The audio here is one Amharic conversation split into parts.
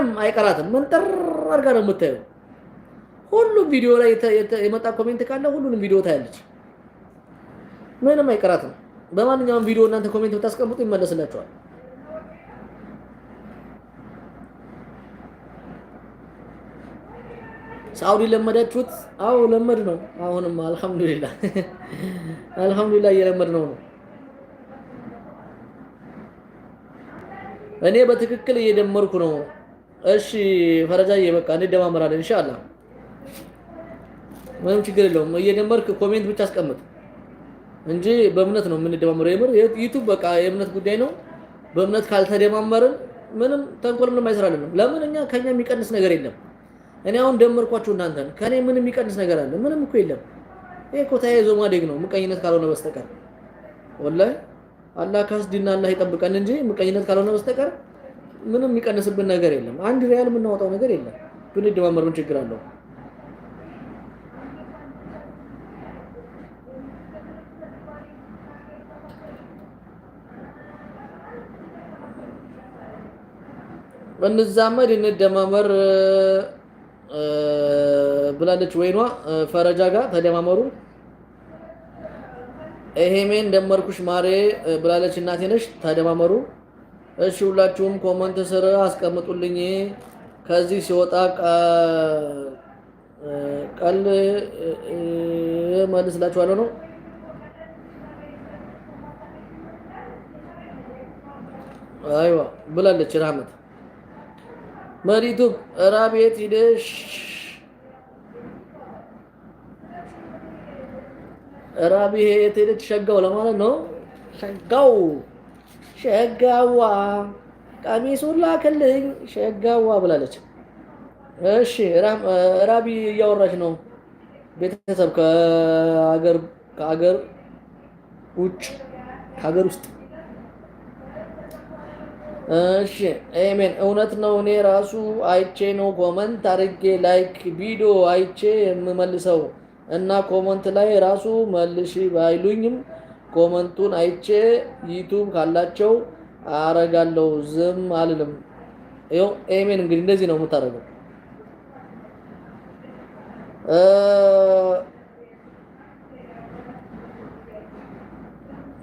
መቼም አይቀራትም። መንጠር አድርጋ ነው የምታየው። ሁሉም ቪዲዮ ላይ የመጣ ኮሜንት ካለ ሁሉንም ቪዲዮ ታያለች። ምንም አይቀራትም። በማንኛውም ቪዲዮ እናንተ ኮሜንት ብታስቀምጡ ይመለስላችኋል። ሳውዲ ለመዳችሁት? አዎ ለመድ ነው። አሁንም አልሐምዱሊላህ አልሐምዱሊላህ እየለመድ ነው ነው እኔ በትክክል እየደመርኩ ነው። እሺ ፈረጃዬ በቃ እንደማመራለን ኢንሻአላህ። ምንም ችግር የለውም። እየደመርክ ኮሜንት ብቻ አስቀምጥ እንጂ በእምነት ነው የምንደማመረው። የምር ዩቲዩብ በቃ የእምነት ጉዳይ ነው። በእምነት ካልተደማመርን ምንም ተንኮል ምንም አይሰራልን። ለምን እኛ ከኛ የሚቀንስ ነገር የለም። እኔ አሁን ደመርኳችሁ እናንተን። ከኔ ምንም የሚቀንስ ነገር አለ? ምንም እኮ የለም። ይሄ እኮ ተያይዞ ማደግ ነው፣ ምቀኝነት ካልሆነ በስተቀር ወላሂ አላህ ካስዲና አላህ ይጠብቀን እንጂ ምቀኝነት ካልሆነ በስተቀር ምንም የሚቀንስብን ነገር የለም። አንድ ሪያል የምናወጣው ነገር የለም። ብንደማመር ምን ችግር አለው? እንዛመድ እንደማመር ብላለች ወይኗ ፈረጃ ጋር ተደማመሩ። ይሄሜን ደመርኩሽ ማሬ ብላለች እናቴ ነሽ ተደማመሩ። እሺ ሁላችሁም ኮመንት ስር አስቀምጡልኝ። ከዚህ ሲወጣ ቀል መልስላችኋለሁ ነው። አይዋ ብላለች ራህመት መሪቱብ እራ ቤት ሂደሽ እራ ቤት ሄደች ሸጋው ለማለት ነው ሸጋው ሸጋዋ ቀሚሱን ላክልኝ ሸጋዋ ብላለች። እሺ ራቢ እያወራች ነው። ቤተሰብ ከአገር ከአገር ውጭ ከአገር ውስጥ እሺ ኤሜን እውነት ነው። እኔ ራሱ አይቼ ነው ኮመንት አድርጌ ላይክ ቪዲዮ አይቼ የምመልሰው እና ኮመንት ላይ ራሱ መልሽ ባይሉኝም ኮመንቱን አይቼ ዩቱብ ካላቸው አረጋለሁ። ዝም አልልም። ይኸው ኤሜን እንግዲህ እንደዚህ ነው የምታደርገው።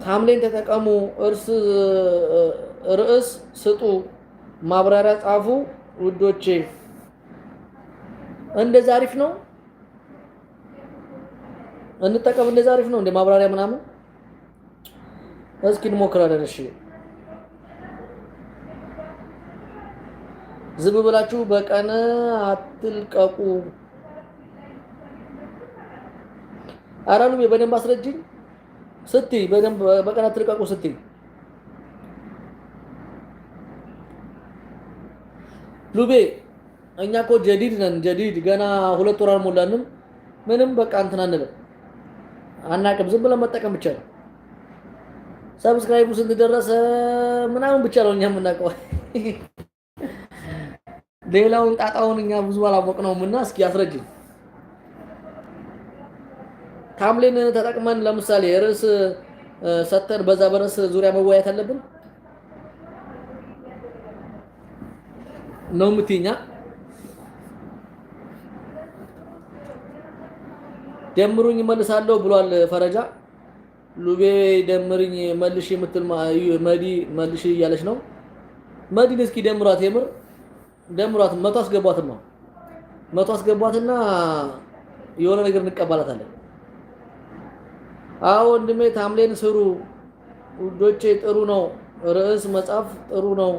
ታምሌን ተጠቀሙ፣ እርስ ርዕስ ስጡ፣ ማብራሪያ ጻፉ። ውዶቼ እንደዛ አሪፍ ነው እንጠቀም። እንደዛ አሪፍ ነው እንደ ማብራሪያ ምናምን እስኪ እንሞክራለን። እሺ ዝም ብላችሁ በቀን አትልቀቁ። ኧረ ሉሜ በደንብ አስረጅኝ ስትይ፣ በደንብ በቀን አትልቀቁ ስትይ ሉቤ እኛ እኮ ጀዲድ ነን። ጀዲድ ገና ሁለት ወር አልሞላንም። ምንም በቃ እንትን አንልም፣ አናቅም። ዝም ብለን መጠቀም ብቻ ነው። ሰብስክራይቡ ስንት ደረሰ ምናምን ብቻ ነው እኛ የምናውቀው። ሌላውን ጣጣውን እኛ ብዙ አላወቅነውም እና እስኪ አስረጅኝ። ታምሌን ተጠቅመን ለምሳሌ ርዕስ ሰተን በዛ በርዕስ ዙሪያ መወያየት አለብን ነው የምትይኛ ደምሩኝ መልሳለሁ ብሏል ፈረጃ ሉቤ ደምርኝ መልሽ የምትል መዲ መልሽ እያለች ነው። መዲን እስኪ ደምሯት፣ የምር ደምሯት። መቶ አስገቧት ነው መቶ አስገቧትና የሆነ ነገር እንቀባላታለን። አዎ ወንድሜ ታምሌን ስሩ ውዶቼ፣ ጥሩ ነው ርዕስ መጻፍ ጥሩ ነው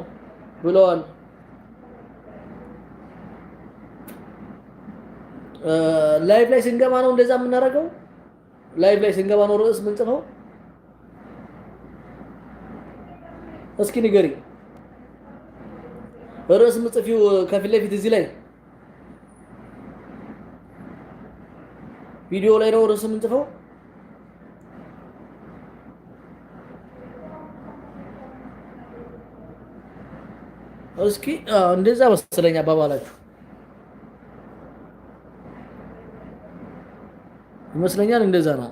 ብለዋል። ላይፍ ላይ ስንገባ ነው እንደዛ የምናደርገው። ላይቭ ላይ ስንገባ ነው ርዕስ ነው። እስኪ ንገሪ። ርዕስ ምጽፊው ከፊት ለፊት እዚህ ላይ ቪዲዮ ላይ ነው ርዕስ ምንጽፈው? እስኪ እንደዛ መሰለኝ አባባላችሁ። ይመስለኛል እንደዛ ነው።